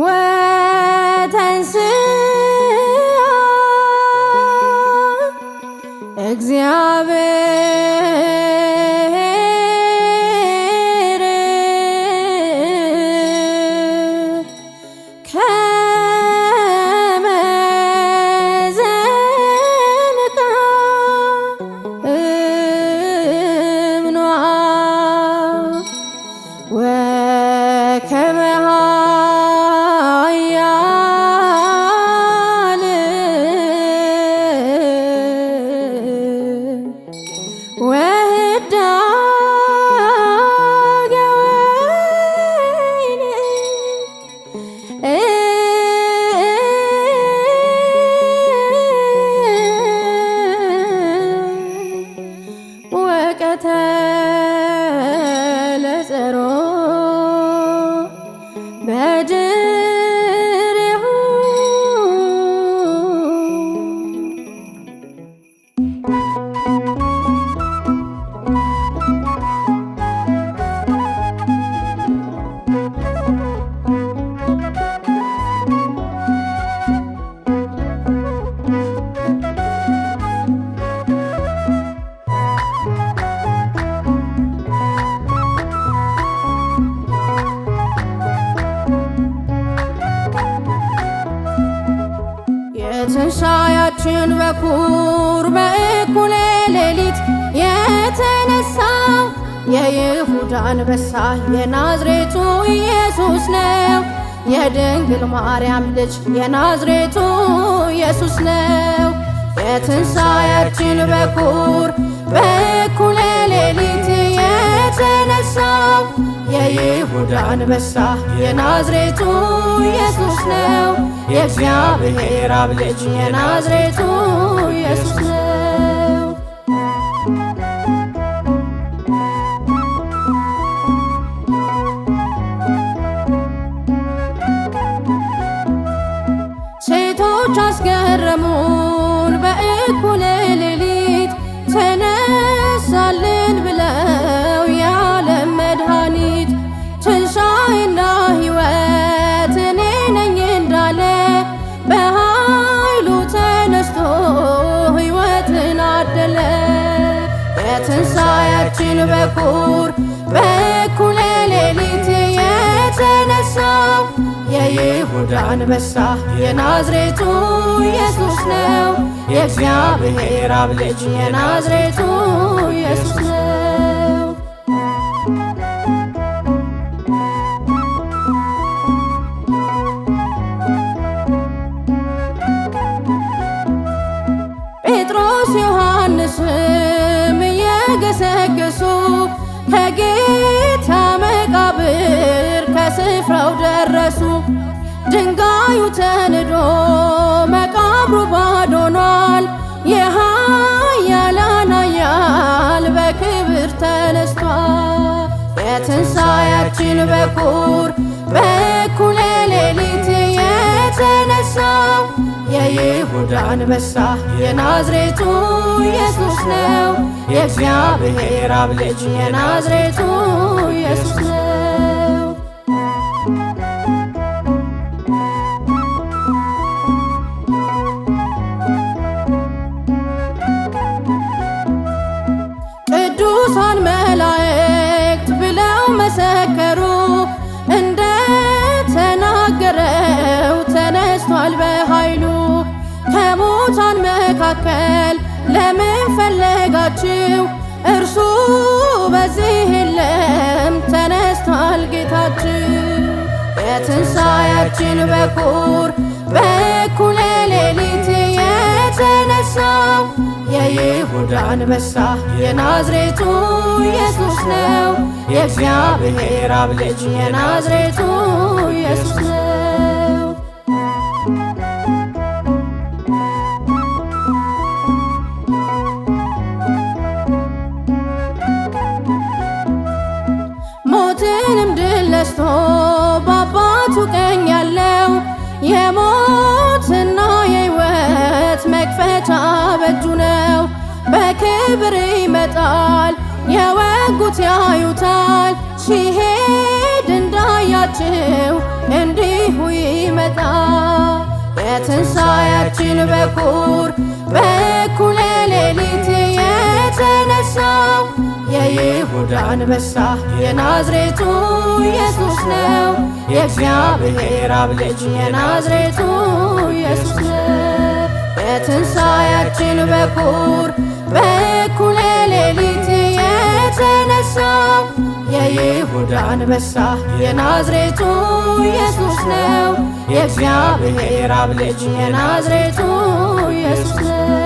ወተንስአ እግዚአብሔር በሻያችን በኩር በእኩለ ሌሊት የተነሳው የይሁዳ አንበሳ የናዝሬቱ ኢየሱስ ነው። የድንግል ማርያም ልጅ የናዝሬቱ ኢየሱስ ነው። የትንሣኤያችን በኩር በእኩለ ሌሊት የተነሳው የይሁዳ አንበሳ የናዝሬቱ ኢየሱስ ነው። የእግዚአብሔር አብ ልጅ የናዝሬቱ ኢየሱስ ነው። በኩር በኩለ ሌሊት የተነሳው የይሁዳ አንበሳ የናዝሬቱ ኢየሱስ ነው። የእግዚአብሔር አብ ልጅ የናዝሬቱ ኢየሱስ ነው። ጴጥሮስ ዮሐንስ ከጌታ መቃብር ከስፍራው ደረሱ። ድንጋዩ ተንዶ መቃብሩ ባዶኗል ሆኗል። የኃያላን ኃያል በክብር ተነስቷል። በትንሣኤያችን በኩር የይሁዳ አንበሳ የናዝሬቱ ኢየሱስ ነው። የእግዚአብሔር አብ ልጅ የናዝሬቱ ኢየሱስ ነው። ቅዱሳን መላእክት ብለው መሰከሩ እንደተናገረው ተነስቷል። መካከል ለምን ፈለጋችሁ? እርሱ በዚህ የለም ተነስቷል ጌታችሁ። የትንሣኤያችን በኩር በእኩለ ሌሊት የተነሳው የይሁዳ አንበሳ የናዝሬቱ ኢየሱስ ነው። የእግዚአብሔር አብ ልጅ የናዝሬቱ ኢየሱስ ነው። በክብር ይመጣል። የወጉት ያዩታል ሲሄድ እንዳያችሁ እንዲሁ ይመጣል። የትንሣኤያችን በኩር በኩለ ሌሊት የተነሳው የይሁዳ አንበሳ የናዝሬቱ ኢየሱስ ነው። የእግዚአብሔር አብ ልጅ የናዝሬቱ ኢየሱስ ነው። የትንሣኤያችን በኩር በእኩለ ሌሊት የተነሳው የይሁዳ አንበሳ የናዝሬቱ ኢየሱስ ነው። የእግዚአብሔር አብ ልጅ የናዝሬቱ ኢየሱስ ነው።